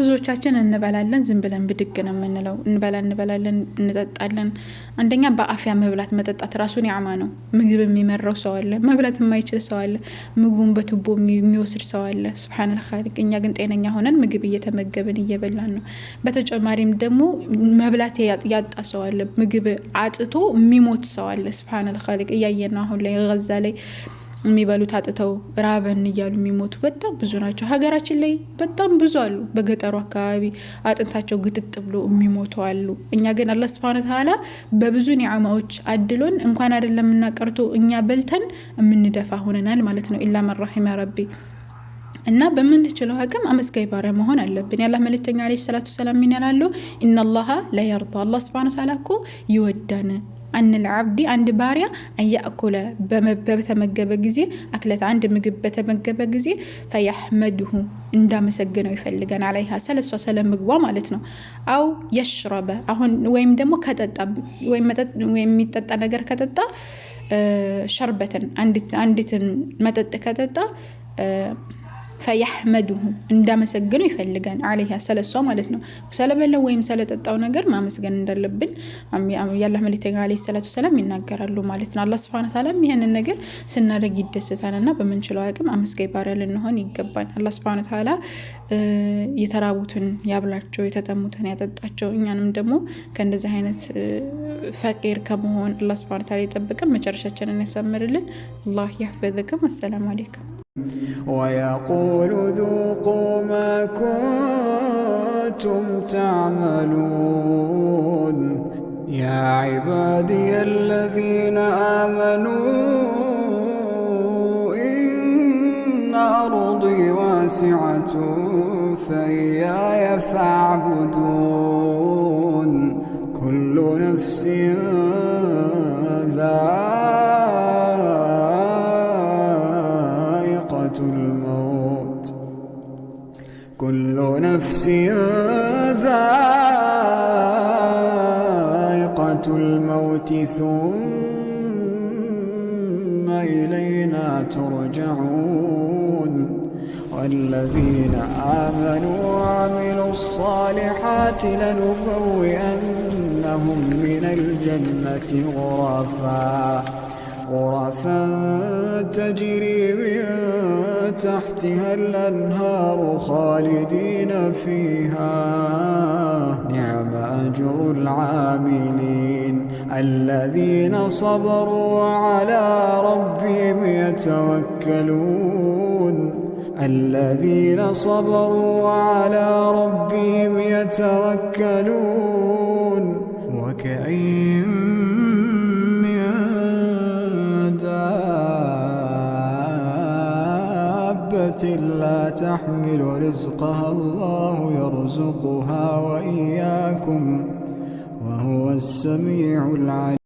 ብዙዎቻችን እንበላለን፣ ዝም ብለን ብድግ ነው የምንለው። እንበላ እንበላለን፣ እንጠጣለን። አንደኛ በአፍያ መብላት መጠጣት ራሱን ያማ ነው። ምግብ የሚመራው ሰው አለ፣ መብላት የማይችል ሰው አለ፣ ምግቡን በቱቦ የሚወስድ ሰው አለ። ስብሓነል ልካሊቅ። እኛ ግን ጤነኛ ሆነን ምግብ እየተመገብን እየበላን ነው። በተጨማሪም ደግሞ መብላት ያጣ ሰው አለ፣ ምግብ አጥቶ የሚሞት ሰው አለ። ስብሓነል ልካሊቅ። እያየን ነው አሁን ላይ ዛ ላይ የሚበሉት አጥተው ራበን እያሉ የሚሞቱ በጣም ብዙ ናቸው። ሀገራችን ላይ በጣም ብዙ አሉ። በገጠሩ አካባቢ አጥንታቸው ግጥጥ ብሎ የሚሞቱ አሉ። እኛ ግን አላህ ስብሐነ ተዓላ በብዙ ኒዓማዎች አድሎን እንኳን አይደለም እናቀርቶ እኛ በልተን የምንደፋ ሆነናል ማለት ነው። ኢላ መራሒም ረቢ እና በምንችለው አቅም አመስጋኝ ባሪያ መሆን አለብን። ያላ መልእክተኛ ዐለይሂ ሰላቱ ሰላም ይላሉ፣ ኢነላሃ ለየርዳ አላህ ስብሐነ ተዓላ እኮ ይወዳን አንል አብዲ አንድ ባሪያ አንያእኩለ በተመገበ ጊዜ አክለት አንድ ምግብ በተመገበ ጊዜ ፈያሕመድሁ እንዳመሰግነው ይፈልገን አለይሃ ስለሷ ስለ ምግቧ ማለት ነው። አው የሽረበ አሁን ወይም ደግሞ ከጠጣ የሚጠጣ ነገር ከጠጣ ሸርበትን አንዲትን መጠጥ ከጠጣ ፈያህመዱሁ እንዳመሰግነው ይፈልጋል። አለይሃ ስለሷ ማለት ነው። ስለበለው ወይም ስለጠጣው ነገር ማመስገን እንዳለብን የአላህ መልክተኛ ዓለይሂ ሰላቱ ሰላም ይናገራሉ ማለት ነው። አላህ ስብሐነ ተዓላም ይህንን ነገር ስናደርግ ይደሰታል እና በምንችለው አቅም አመስጋኝ ባሪያ ልንሆን ይገባል። አላህ ስብሐነ ተዓላ የተራቡትን ያብላቸው፣ የተጠሙትን ያጠጣቸው። እኛንም ደግሞ ከእንደዚህ አይነት ፈቂር ከመሆን አላህ ስብሐነ ተዓላ ይጠብቅን፣ መጨረሻችንን ያሳምርልን። አላህ ያፈዘቅም። አሰላሙ አሌይኩም ويقول ذوقوا ما كنتم تعملون يا عبادي الذين آمنوا إن أرضي واسعة فإياي فاعبدون كل نفس كل نفس ذائقة الموت ثم إلينا ترجعون والذين آمنوا وعملوا الصالحات لنبوئنهم من الجنة غرفا غرفا تجري تحتها الأنهار خالدين فيها نعم أجر العاملين الذين صبروا وعلى ربهم يتوكلون الذين صبروا وعلى ربهم يتوكلون وكأين دابة لا تحمل رزقها الله يرزقها وإياكم وهو السميع العليم